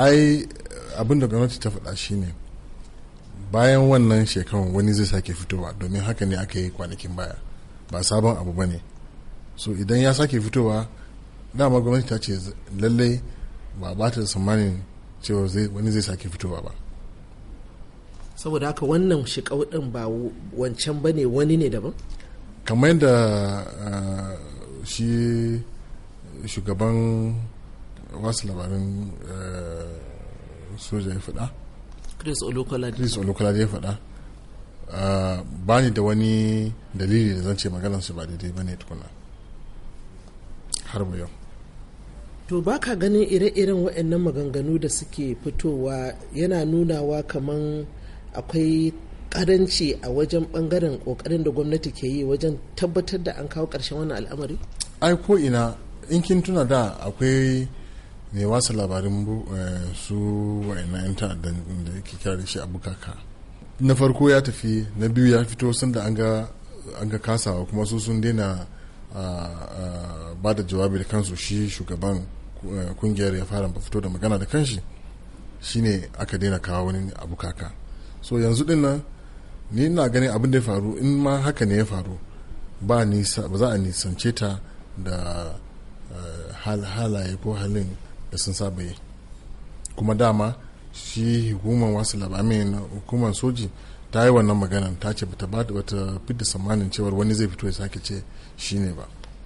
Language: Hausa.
ai abin da gwamnati ta faɗa shine bayan wannan shekarun wani zai sake fitowa domin haka ne aka yi kwanakin baya ba sabon abu ba ne so idan ya sake fitowa dama gwamnati ta ce lallai ba ba ta tsammanin cewa wani zai sake fitowa ba saboda haka wannan shekau ba wancan ba ne wani ne daban kamar yadda ah, shi shugaban masu labarin eh, soja ya faɗa chris olukola ya faɗa ah, ba ni da wani dalili da zan ce su ba daidai ba ne tukuna har yau to ba ka ganin ire-iren waɗannan maganganu da suke fitowa yana nunawa kamar akwai karanci a wajen bangaren kokarin da gwamnati ke yi wajen tabbatar da an kawo ƙarshen wannan al'amari ai ko ina in kin tuna da akwai ne wasa labarin eh, su wa'ina 'yan ta'addan da yake kira da shi abu kaka na farko ya tafi na biyu ya fito sun da an ga kasawa kuma su sun daina ah, ah, ba da jawabi da kansu shi shugaban kungiyar eh, ya fara fito da magana da kanshi shine aka daina kawo wani abu kaka so yanzu din nan ni ina ganin abin da ya faru in ma haka ne ya faru ba za a nisance ta da eh, halaye ko halin da sun saba yi kuma dama shi hukumar wasu labarai hukumar soji ta yi wannan maganan ta ce bata bata fidda tsammanin cewar wani zai fito ya sake ce shi ne ba